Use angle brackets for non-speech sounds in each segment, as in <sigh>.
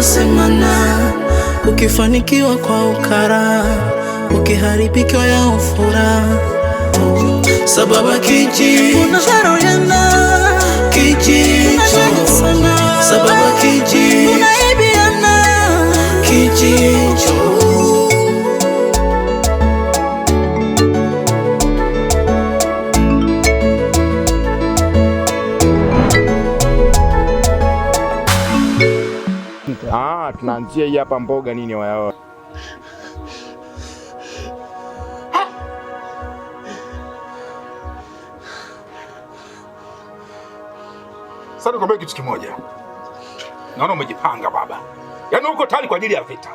tunayosemana, ukifanikiwa kwa ukara, ukiharibikiwa ya ufura sababa kiji unaharoriana kiji sababa kiji kuanzia hii hapa mboga nini wayaoa Sasa nikwambia kitu kimoja, naona umejipanga baba, yaani uko tayari kwa ajili ya vita.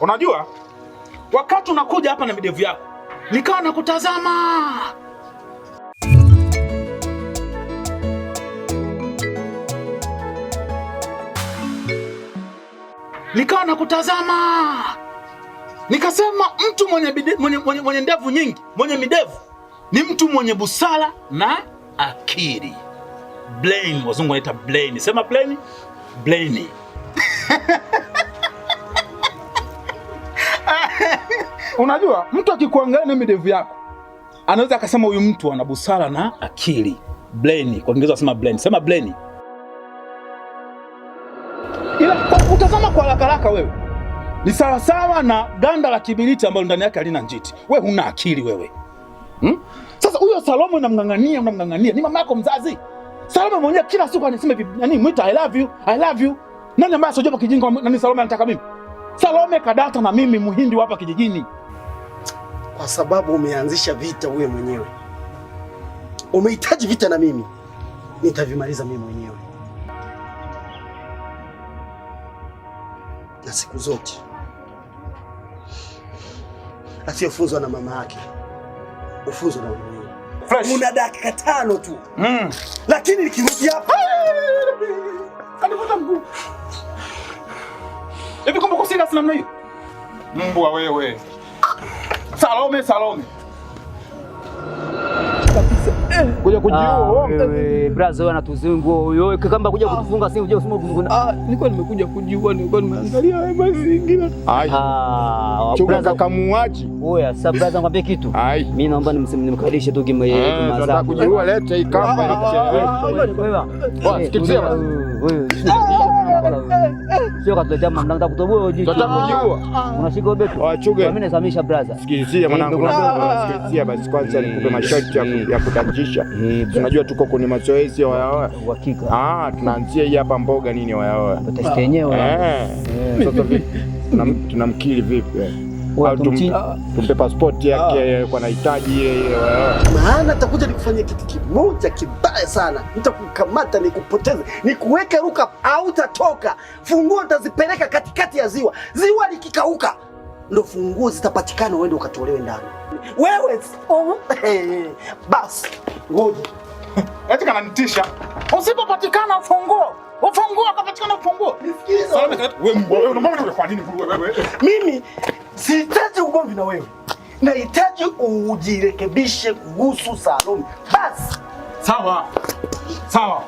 Unajua wakati unakuja hapa na midevu yako nikawa nakutazama nikawa nakutazama, nikasema mtu mwenye, mwenye, mwenye, mwenye ndevu nyingi, mwenye midevu ni mtu mwenye busara na akili. Brain, wazungu wanaita brain. Sema brain, brain. <laughs> Unajua, mtu akikuangalia na midevu yako anaweza akasema huyu mtu ana busara na akili. Brain, kwa Kiingereza sema brain. Sema brain. Kutazama kwa haraka haraka wewe ni sawasawa na ganda la kibiriti ambalo ndani yake halina njiti. We huna akili wewe hmm? Sasa huyo Salome unamng'ang'ania, unamng'ang'ania, ni mama yako mzazi. Salome mwenyewe kila siku anisema yani, mwita I love you, I love you. Nani ambaye asijua kijinga nani Salome anataka mimi? Salome kadata na mimi muhindi hapa kijijini, kwa sababu umeanzisha vita wewe mwenyewe. Umehitaji vita na mimi, nitavimaliza mimi mwenyewe. na siku zote asiyofuzwa na mama yake ufuzwa na Fresh. Una dakika tano tu mm. Lakini nikirudi hapa hivi, kumbe kusina namna hiyo. Mbwa wewe, Salome, Salome. Kuja kujiua ah, wewe, brother, anatuzingo huyo. Kama kuja kutufunga simu, je, usimo kuzungua? Ah, nilikuwa nimekuja kujiua, nilikuwa nimeangalia haya mazingira. Ah, choka kaka Oya, sasa brother, ngwambie kitu. Mimi naomba nimkaribishe tu kimwe yeye kama ah, za. Nataka kujiua, leta hii kamba. Ah, wewe, sikizia. Wewe sio katuletea mamlaka kutoboa jicho. Tunataka kujiua. Unashika ah, ah. ubetu. Wachuge. Mimi nasamisha brother. Sikizia mwanangu. Sikizia basi kwanza nikupe masharti ya kutajisha. Tunajua tuko kwenye mazoezi ya wayawa. Uhakika. Ah, tunaanzia hii hapa mboga nini wayawa. Tutaste yenyewe. Eh. Sasa vipi? tunamkili vipi? Eh? tumpe pasipoti yake ah. kwa nahitaji yeye, maana takuja nikufanyia kitu kimoja kibaya sana, nitakukamata nikupoteze, nikuweke ruka au tatoka. Funguo utazipeleka katikati ya ziwa, ziwa likikauka ndo funguo zitapatikana, uende ukatolewe ndani wewe. Oh. <laughs> basi ngoja eti <laughs> yaani kananitisha, usipopatikana ufunguo ufunguo, ukapatikana ufunguo. Mimi Sihitaji ugomvi na wewe, nahitaji ujirekebishe kuhusu Salome. Basi sawa sawa,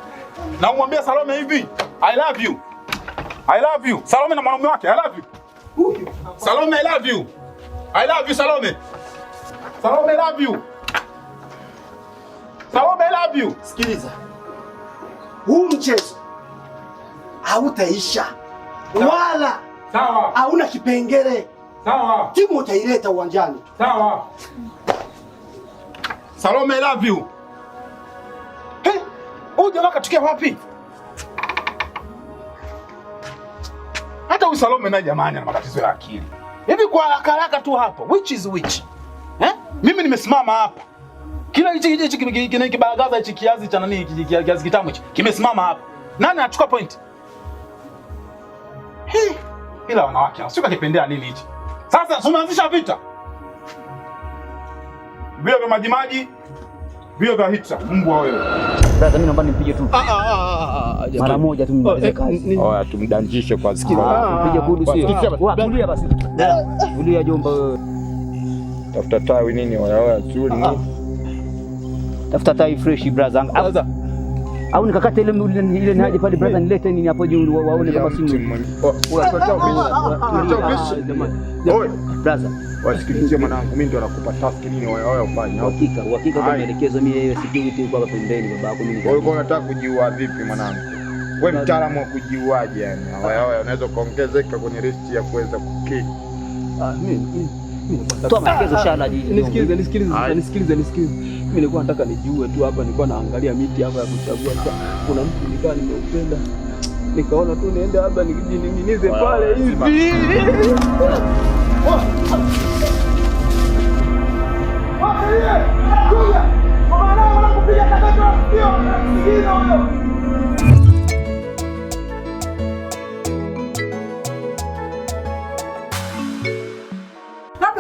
na umwambie Salome hivi, I love you, I love you Salome na mwanaume wake. I love you Salome, I love you, I love you Salome, Salome, I love you Salome, I love you. Sikiliza, huu mchezo hautaisha wala sawa, hauna kipengele Sawa. Timu utaileta uwanjani. Sawa. Salome, I love you. Hey, huyu jamaa katokea wapi? Hata huyu Salome naye jamani ana matatizo ya akili. Hivi kwa haraka haraka tu hapa, which is which? Eh? Mimi nimesimama hapa. Kila hichi hichi hichi kibagaza hichi kiazi cha nani kiazi kitamu hichi kimesimama hapa. Nani anachukua point? Hii ila wanawake, sio kipendea nini hichi? Sasa tumeanzisha vita vile vya Majimaji, vile vya Hitler. Mungu wa wewe. Sasa mimi naomba nimpige tu Ah, ah, ah, mara moja tu nimalize kazi. Oya, tumdanjishe kwa sikio. Mpige kudu sio? Tulia basi. Tulia jomba wewe. Tafuta tawi nini? Oya oya, shughuli Tafuta tawi fresh brother au nikakata ile ile haja pale, brother, nilete nini hapo juu waone kama simu. Brother, wasikilize mwanangu, mimi ndio nakupa task nini wewe wewe ufanye. Hakika, hakika kwa maelekezo mimi yeye security yuko hapa pembeni baba mimi. Wewe unataka kujiua vipi mwanangu? Wewe mtaalamu wa kujiuaje yani? Wewe wewe unaweza kuongezeka kwenye list ya kuweza kukiki. Ah, mimi Nisikilize, nisikilize, Mimi nilikuwa nataka nijue tu hapa, nilikuwa naangalia miti hapa ya kuchagua. Kuna mtu nikaa nimeupenda, nikaona tu niende labda nikijining'inize pale hivi.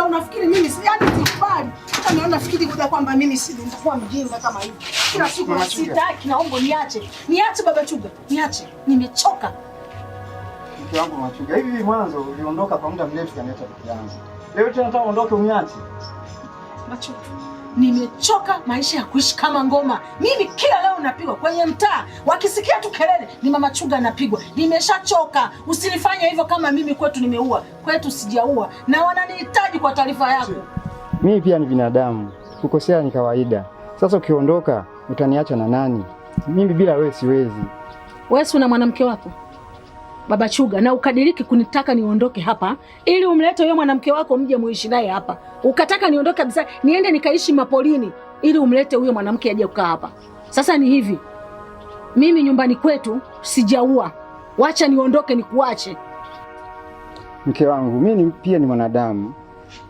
mpaka unafikiri mimi si yani sikubali. Hata mimi nafikiri kuja kwamba mimi si nitakuwa mjinga kama hivi. Kila siku sitaki, naomba niache. Niache baba Chuga, niache. Nimechoka. Mke wangu Machuga, hivi mwanzo uliondoka kwa muda mrefu kaniacha tukianza. Leo tena nataka uondoke uniache. Machuga nimechoka maisha ya kuishi kama ngoma. Mimi kila leo napigwa kwenye mtaa, wakisikia tu kelele ni mama chuga napigwa. Nimeshachoka, usinifanye hivyo. Kama mimi kwetu nimeua, kwetu sijaua, na wananihitaji kwa taarifa yako. Mimi pia ni binadamu, kukosea ni kawaida. Sasa ukiondoka utaniacha na nani? Mimi bila wewe siwezi. Wewe una mwanamke wako? Baba Chuga, na ukadiriki kunitaka niondoke hapa ili umlete huyo mwanamke wako mje muishi naye hapa. Ukataka niondoke kabisa, niende nikaishi mapolini ili umlete huyo mwanamke aje kukaa hapa. Sasa ni hivi, mimi nyumbani kwetu sijaua, wacha niondoke, nikuache. Mke wangu, mimi pia ni mwanadamu,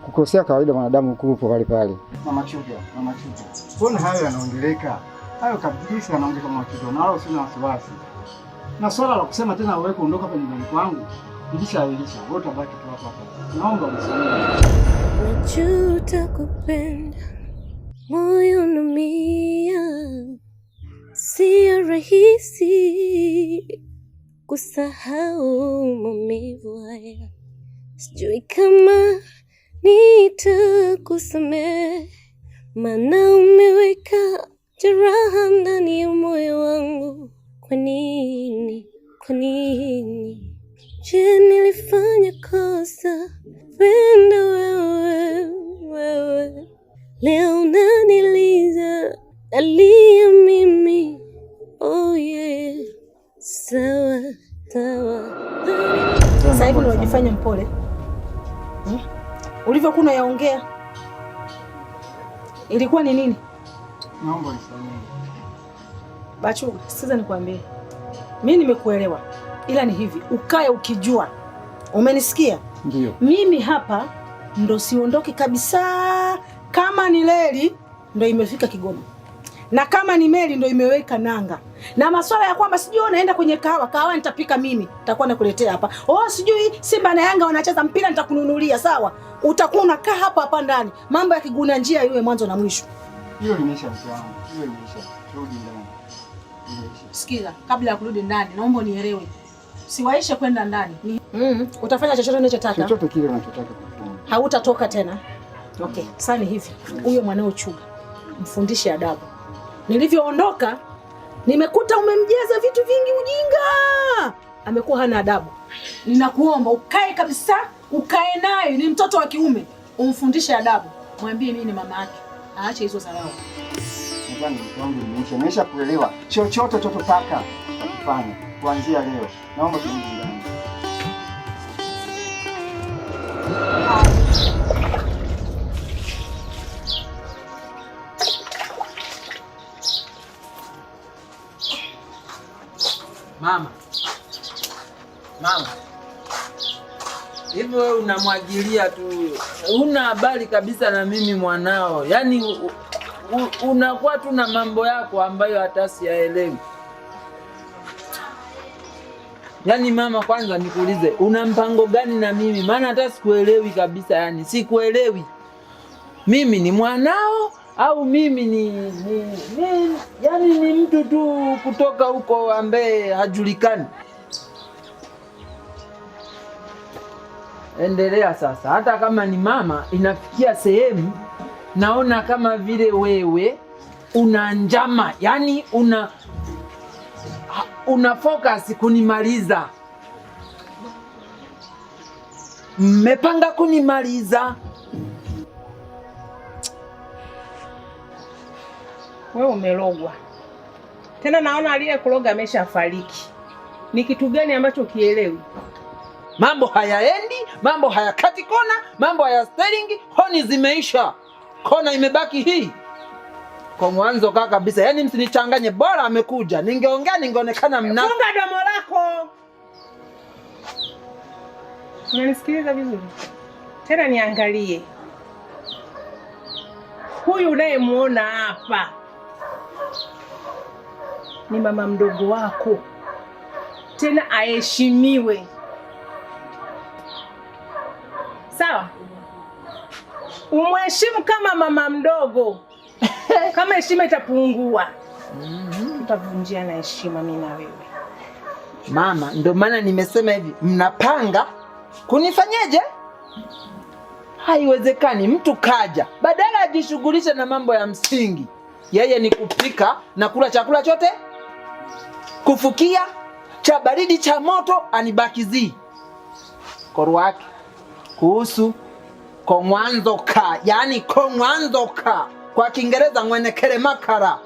kukosea kawaida, mwanadamu hukupo pale pale. Mama Chuga, mama Chuga, mbona hayo yanaongeleka hayo kabisa, yanaongeleka mama na wala usina wasiwasi na swala la kusema tena wewe kuondoka kwenye nyumbani kwangu ilishawilisha wote baki tu hapa hapa. Naomba msamaha. Najuta kupenda, moyo naumia, si rahisi kusahau maumivu haya. Sijui kama nitakusamehe, maana umeweka jeraha ndani yako nini? Je, nilifanya kosa Wenda wewe, wewe leo unaniliza nalia mimi oh yeah. Sawa sawa, sasa hivi unajifanya mpole hmm? Ulivyokuwa unayaongea ilikuwa ni nini? Naomba nisamehe Bachu, sikiza nikwambie mimi nimekuelewa, ila ni hivi, ukae ukijua. Umenisikia? Ndio. Mimi hapa ndo siondoki kabisa. Kama ni leli ndo imefika Kigoma na kama ni meli ndo imeweka nanga, na masuala ya kwamba sijui naenda kwenye kahawa, kahawa nitapika mimi, nitakuwa nakuletea hapa. Oh, sijui Simba na Yanga wanacheza mpira, nitakununulia. Sawa, utakuwa unakaa hapa hapa ndani, mambo ya kiguna njia iwe mwanzo na mwisho. Hiyo imeisha wangu, hiyo imeisha. Rudi ndani. Sikiza, kabla ya kurudi ndani, naomba unielewe, siwaishe kwenda ndani ni... mm, utafanya chochote unachotaka, chochote kile unachotaka kufanya, hautatoka tena. Okay, sasa ni hivi, huyo mwanao Chuga mfundishe adabu. Nilivyoondoka nimekuta umemjaza vitu vingi ujinga, amekuwa hana adabu. Ninakuomba ukae kabisa, ukae naye, ni mtoto wa kiume, umfundishe adabu, mwambie mimi ni mama yake, aache hizo dharau fulani wangu mwisho nimesha kuelewa, chochote chototaka kufanya kuanzia leo, naomba turudi ndani. Mama, mama, hivyo unamwagilia tu, huna habari kabisa na mimi mwanao, yaani unakuwa tu na mambo yako ambayo hata siyaelewi. Yaani mama, kwanza nikuulize, una mpango gani na mimi? Maana hata sikuelewi kabisa, yani sikuelewi. Mimi ni mwanao au mimi ni, ni, ni yani ni mtu tu kutoka huko ambaye hajulikani? Endelea sasa. Hata kama ni mama, inafikia sehemu naona kama vile wewe una njama, yani una una focus kunimaliza, mmepanga kunimaliza. Wewe umelogwa tena, naona aliyekuloga ameshafariki. Ni kitu gani ambacho kielewi? Mambo hayaendi, mambo hayakati kona, mambo haya steering, honi zimeisha kona imebaki hii kwa mwanzo kaa kabisa, yaani msinichanganye. Bora amekuja, ningeongea ningeonekana mna. Funga domo lako. Unanisikiliza vizuri? Tena niangalie huyu unayemwona hapa ni mama mdogo wako, tena aheshimiwe, sawa? umheshimu kama mama mdogo, <laughs> kama heshima itapungua tutavunjiana mm -hmm. heshima mimi na wewe mama. Ndio maana nimesema hivi, mnapanga kunifanyeje? Haiwezekani mtu kaja, badala ajishughulishe na mambo ya msingi, yeye ni kupika na kula chakula chote, kufukia cha baridi cha moto, anibakizii koro wake kuhusu kong'wanzoka yani kong'wanzoka kwa Kiingereza mwene makara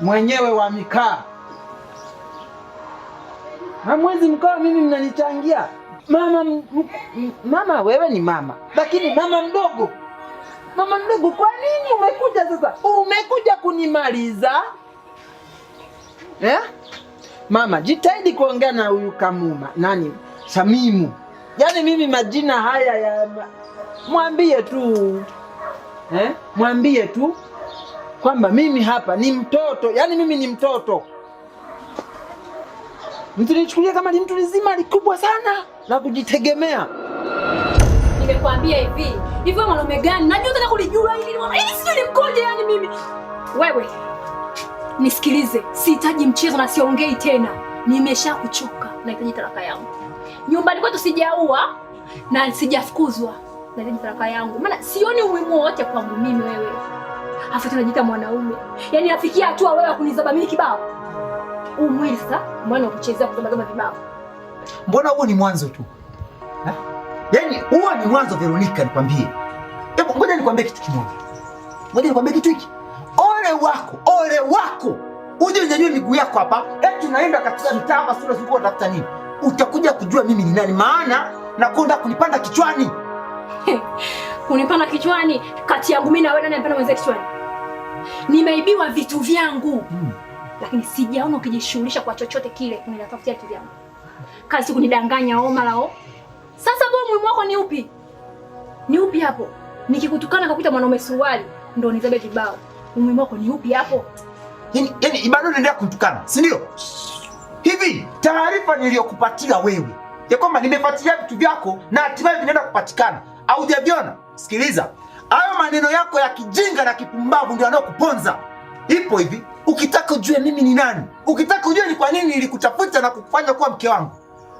mwenyewe wa mikaa hamwezi mkawa mimi mnanichangia mama, mama wewe ni mama lakini mama mdogo mama mdogo, kwa nini umekuja sasa? Umekuja kunimaliza eh? Mama jitahidi kuongea na huyu Kamuma nani Samimu Yaani mimi majina haya ya mwambie tu eh? Mwambie tu kwamba mimi hapa ni mtoto, yaani mimi ni mtoto. Mtunichukulia kama ni mtu mzima likubwa sana la kujitegemea. Nimekuambia hivi hivyo, mwanaume gani najua tena kulijua hili hili, yaani sijui nimkoje. Yani mimi wewe, nisikilize, sihitaji mchezo na siongei tena, nimeshakuchoka. Nahitaji talaka yangu nyumbani kwetu sijaua na sijafukuzwa na ile baraka yangu, maana sioni umuhimu wote kwangu mimi wewe. Afu tunajiita mwanaume, yaani afikia hatua wewe kunizaba mimi kibao umwisa Sasa mwana wa kuchezea kuzaba kama vibao. Mbona huo ni mwanzo tu, yaani huo ni mwanzo Veronica, nikwambie. Hebu ngoja nikwambie kitu kimoja, ngoja nikwambie kitu hiki. Ole wako, ole wako uje unyanyue miguu yako hapa, eti tunaenda katika mtaa hapa, sura zikuwa tafuta nini? utakuja kujua mimi ni nani, maana nakonda kunipanda kichwani. <laughs> Kunipanda kichwani? Kati yangu mimi na wewe, nani anapanda mwenzie kichwani? Nimeibiwa vitu vyangu hmm. Lakini sijaona ukijishughulisha kwa chochote kile, ninatafutia vitu vyangu kazi kunidanganya omalao. Sasa bo, mwimu wako ni upi? Ni upi hapo? Nikikutukana kakuita mwanaume suruali ndo nizabe vibao, umuhimu wako ni upi hapo? Yaani, yaani unaendelea kumtukana, si ndio? Hivi taarifa niliyokupatia wewe ya kwamba nimefuatilia vitu vyako na hatimaye vinaenda kupatikana au haujaviona? Sikiliza, hayo maneno yako ya kijinga na kipumbavu ndio yanayokuponza. Ipo hivi, ukitaka ujue mimi ni nani, ukitaka ujue ni kwa nini nilikutafuta na kukufanya kuwa mke wangu,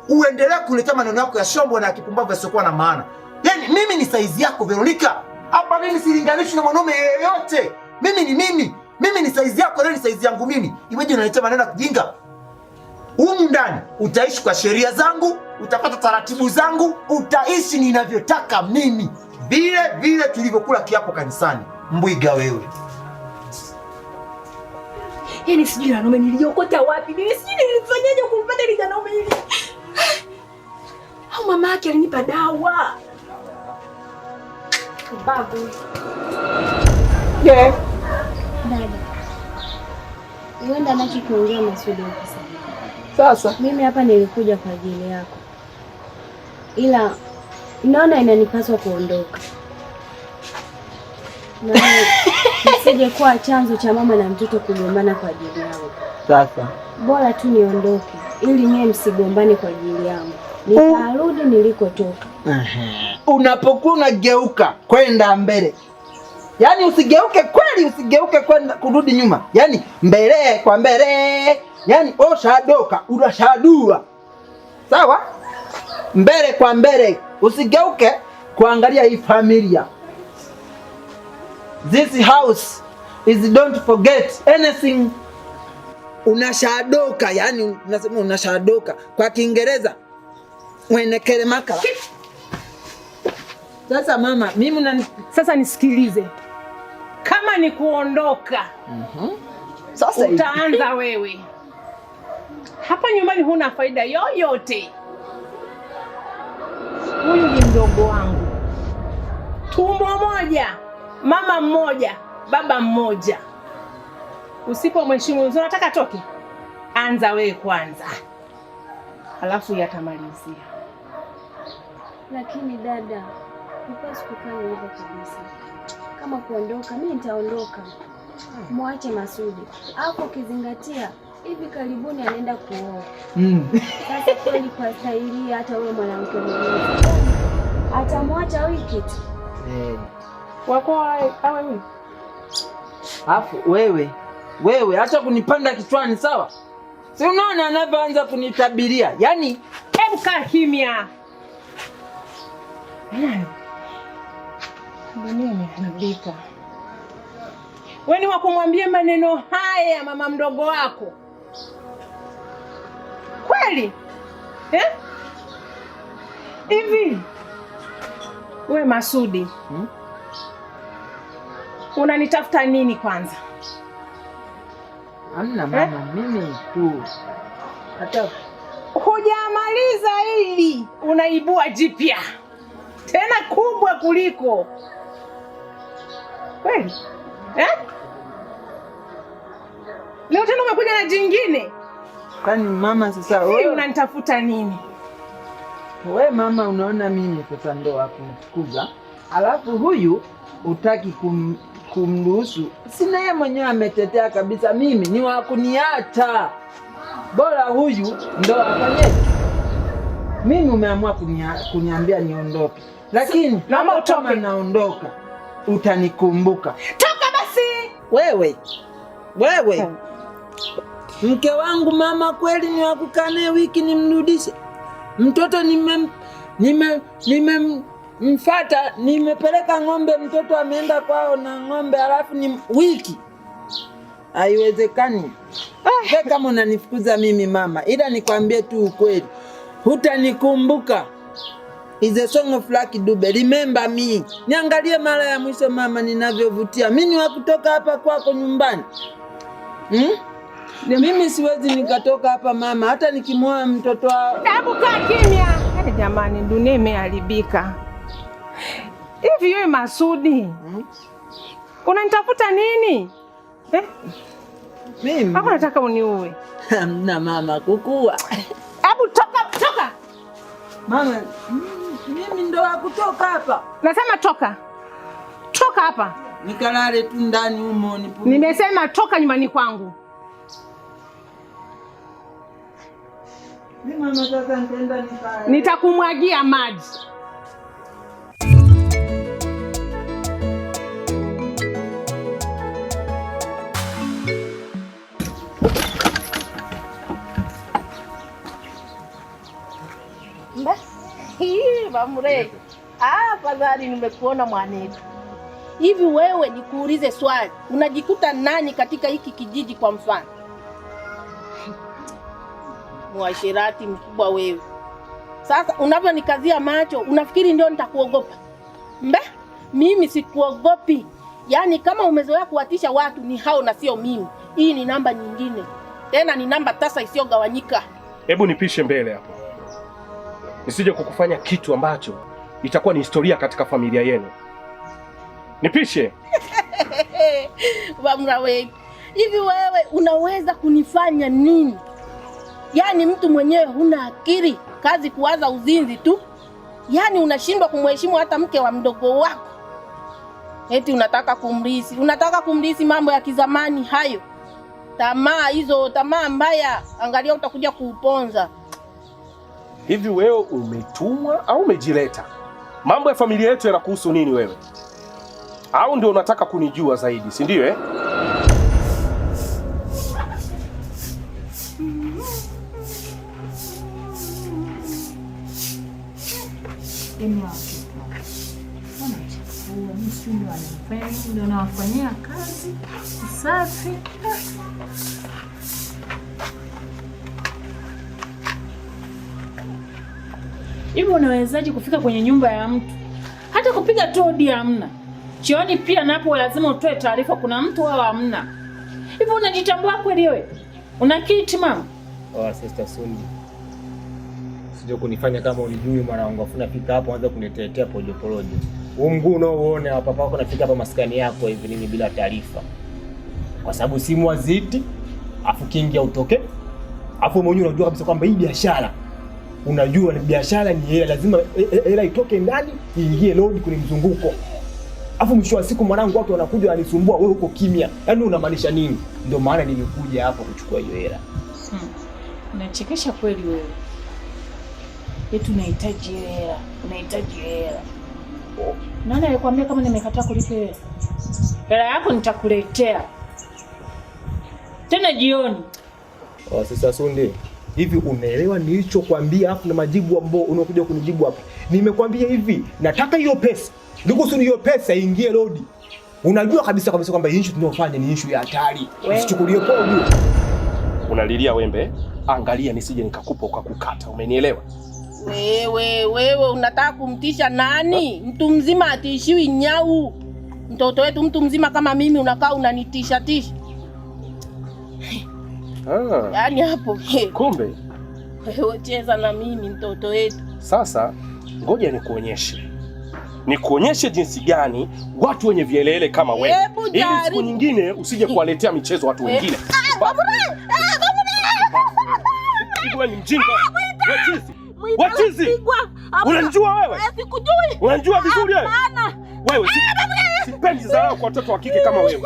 uendelee kuletea maneno yako ya shombo na ya kipumbavu yasiyokuwa na maana. Yaani mimi ni saizi yako Veronica, hapa mimi silinganishwi na mwanaume yeyote. Mimi ni mimi, mimi ni saizi yako, leo ni saizi yangu mimi, iweje unaletea maneno ya kijinga? humu ndani utaishi kwa sheria zangu, utapata taratibu zangu, utaishi ninavyotaka mimi, vile vile tulivyokula kiapo kanisani. Mbwiga wewe! yani sijui wanaume niliokota wapi mimi, sijui nilifanyaje kumpata ile wanaume ile. Au mama yake alinipa dawa. babu. Yeah. dada. Uenda na kiongea Masudi kwa sasa. Sasa mimi hapa nilikuja kwa ajili yako, ila naona inanipaswa kuondoka na <laughs> nisije kuwa chanzo cha mama na mtoto kugombana kwa ajili yangu. Sasa bora tu niondoke, ili nyewe msigombane kwa ajili yangu, nikarudi nilikotoka. Unapokuwa unageuka kwenda mbele, yaani usigeuke kweli, usigeuke kwenda kurudi nyuma, yaani mbele kwa mbele yani oshadoka unashadua sawa, mbele kwa mbele, usigeuke kuangalia hii familia. This house is don't forget anything. Unashadoka yani unasema unashadoka kwa Kiingereza wenekele makala. Sasa mama, mimi una, sasa nisikilize kama ni kuondoka mm -hmm. Sasa utaanza wewe hapa nyumbani huna faida yoyote. Huyu ni mdogo wangu, tumbo moja, mama mmoja, baba mmoja. Usipo mheshimu mzee, nataka toke. Anza wewe kwanza, halafu yatamalizia. Lakini dada, upasi kukaa hivyo kabisa. Kama kuondoka, mimi nitaondoka. Hmm. Mwache Masudi hapo, ukizingatia hivi karibuni anaenda kuoa. Mm. Sasa kweli kwa staili hata eh. wewe mwanamke mwenyewe atamwacha wiki tu. Eh. Wako Alafu wewe wewe acha kunipanda kichwani sawa? Si unaona anavyoanza kunitabiria. Yaani hebu kaa kimya. Yaani, maneno Wewe ni wakumwambia maneno haya mama mdogo wako kweli eh? hivi eh? We Masudi hmm? Unanitafuta nini kwanza? Amna mama eh? Mimi tu hata hujamaliza hili unaibua jipya tena kubwa kuliko kweli eh? Leo tena umekuja na jingine. Kwani mama sasa wewe unanitafuta nini? We mama, unaona mimi sasa ndo wakumfukuza, alafu huyu utaki kum, kumruhusu. Sina yeye mwenyewe ametetea kabisa, mimi ni wakuniacha. Bora huyu ndo afanye. Mimi umeamua kunia, kuniambia niondoke, lakini kama kama naondoka utanikumbuka. Toka basi wewe wewe, hmm mke wangu mama kweli ni wakukane wiki nimrudishe mtoto nime nime nimemfata nimepeleka ng'ombe mtoto ameenda kwao na ng'ombe halafu ni wiki haiwezekani ah. kama unanifukuza mimi mama ila nikwambie tu ukweli hutanikumbuka song of Lucky dube remember me. Niangalie mara ya mwisho mama, ninavyovutia mimi ni wakutoka hapa kwako nyumbani hmm? Ni mimi siwezi nikatoka hapa mama, hata nikimwoa mtoto wao. Tabu. kaa kimya. Hey, yaani jamani, dunia imeharibika hivi. Yeye Masudi, hmm? unanitafuta nini eh? Mimi hapo nataka uniue. Hamna mama, kukua. Hebu toka, toka mama. Mimi ndo kutoka hapa, nasema toka, toka hapa nikalale tu ndani humo. Nimesema toka nyumbani kwangu. nitakumwagia maji. afadhali ah, nimekuona mwanetu. Hivi wewe nikuulize swali, unajikuta nani katika hiki kijiji kwa mfano? mwashirati mkubwa wewe. Sasa unavyonikazia macho, unafikiri ndio nitakuogopa? Mbe, mimi sikuogopi. Yaani kama umezoea kuwatisha watu ni hao na sio mimi. Hii ni namba nyingine, tena ni namba tasa isiyogawanyika. Hebu nipishe mbele hapo, nisije kukufanya kitu ambacho itakuwa ni historia katika familia yenu. Nipishe <laughs> Bamra. Wewe hivi, wewe unaweza kunifanya nini? Yaani mtu mwenyewe huna akili, kazi kuwaza uzinzi tu. Yaani unashindwa kumheshimu hata mke wa mdogo wako, eti unataka kumrisi, unataka kumrisi mambo ya kizamani hayo. Tamaa hizo, tamaa mbaya, angalia utakuja kuuponza. Hivi wewe umetumwa au umejileta? Mambo ya familia yetu yanakuhusu nini wewe? Au ndio unataka kunijua zaidi, si ndio eh? sehemu ya watoto wanachafua, wanafanya ndio nawafanyia kazi usafi. unawezaje kufika kwenye nyumba ya mtu hata kupiga todi hodi hamna? Chioni pia napo lazima utoe taarifa, kuna mtu wao hamna. Hivyo unajitambua kweli wewe? Una kitu mama? Oh, sister Sundi sio kunifanya kama unijui mwana wangu, afuna fika hapo anza kunitetea pojo pojo. Ungu no uone hapa pako nafika hapa maskani yako hivi nini bila taarifa. Kwa sababu simu waziti, afu kingi ya utoke. Afu mwenyewe unajua kabisa kwamba hii biashara unajua ni biashara ni hela, lazima hela itoke ndani iingie load kwenye mzunguko. Afu mwisho wa siku mwanangu, watu wanakuja wananisumbua, wewe uko kimya. Yaani unamaanisha nini? Ndio maana nimekuja hapa kuchukua hiyo hela. Hmm. Unachekesha kweli wewe yetu, unahitaji hela, unahitaji hela. Nani alikwambia kama nimekataa kulipa hela? Hela yako nitakuletea tena jioni. Oh, sasa Sundi, hivi unaelewa nilichokwambia hapo na majibu ambao unakuja kunijibu hapa? Nimekwambia hivi, nataka hiyo pesa nikuhusu, hiyo pesa ingie lodi. Unajua kabisa kabisa kwamba issue tunayofanya ni issue ya hatari, usichukulie poa. Unalilia wembe, angalia nisije nikakupa ukakukata. Umenielewa? Wewe wewe, unataka kumtisha nani? Mtu mzima atishiwi nyau, mtoto wetu mtu mzima kama mimi, unakaa unanitisha tisha. Ah. Yaani hapo kumbe wewe cheza na mimi mtoto wetu. Sasa ngoja nikuonyeshe, nikuonyeshe jinsi gani watu wenye vielele kama wewe, ili siku nyingine usije kuwaletea michezo watu wengine. Ah, wewe ni mjinga. Ah, Wachizi. Unanijua wewe? Eh, sikujui. Unanijua vizuri wewe? Hapana. Wewe si, eh, sipendi dharau kwa watoto wa kike kama wewe.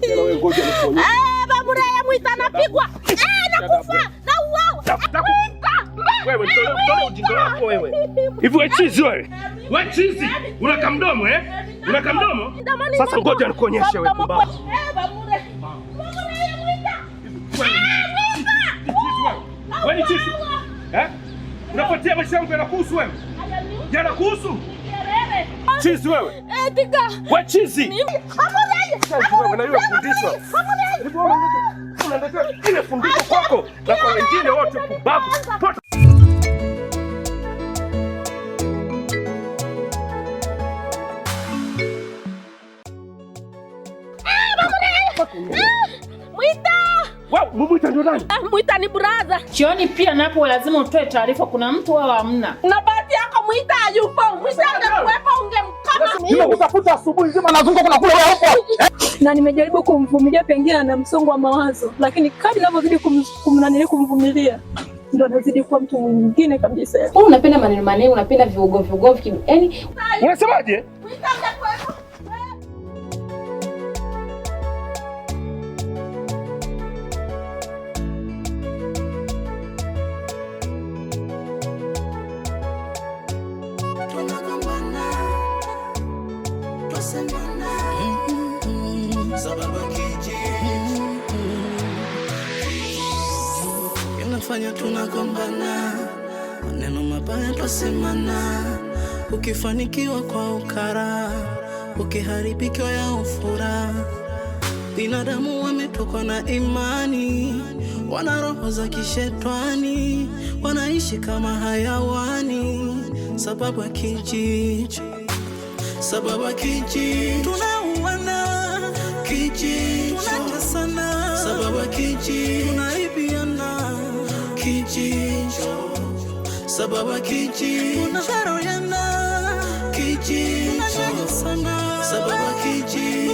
Tena wewe ngoja nikuone. Eh, babu Raya Mwita anapigwa. Eh, nakufa. Nauawa. Eh, wewe tole tole ujinga wako wewe. Hivi wewe chizi wewe. Wewe chizi. Unaka mdomo eh? Una kamdomo? Sasa ngoja nikuonyeshe wewe baba. Eh, babu Raya. Babu Raya Mwita. Wewe ni chizi. Eh? Napatia maisha yangu yanakuhusu wewe? Yanakuhusu? Chizi wewe. Eh, wewe chizi. Unaletea ile fundisho kwako na kwa wengine wote pumbavu. Mwita ndio nani? Ah, Mwita ni brother. Chioni pia napo lazima utoe taarifa, kuna mtu wao hamna. Na bahati yako Mwita hayupo. Mwita angekuwepo ungemkama. Nimekutafuta asubuhi nzima nazunguka kuna kule wewe hapo. Na nimejaribu kumvumilia, pengine ana msongo wa mawazo, lakini kadri ninavyozidi kumnanili kumvumilia ndo anazidi kuwa mtu mwingine kabisa. Wewe unapenda maneno maneno, unapenda viugo viugo. yaani unasemaje? Mwita inafanya tunagombana, maneno mabaya twasemana, ukifanikiwa kwa ukara, ukiharibikiwa ya ufura. Binadamu wametokwa na imani, wana roho za kishetwani, wanaishi kama hayawani sababu ya kijicho, sababu ya kijicho tunatesana, tunaibiana, tunadharauliana, tunanyanyasana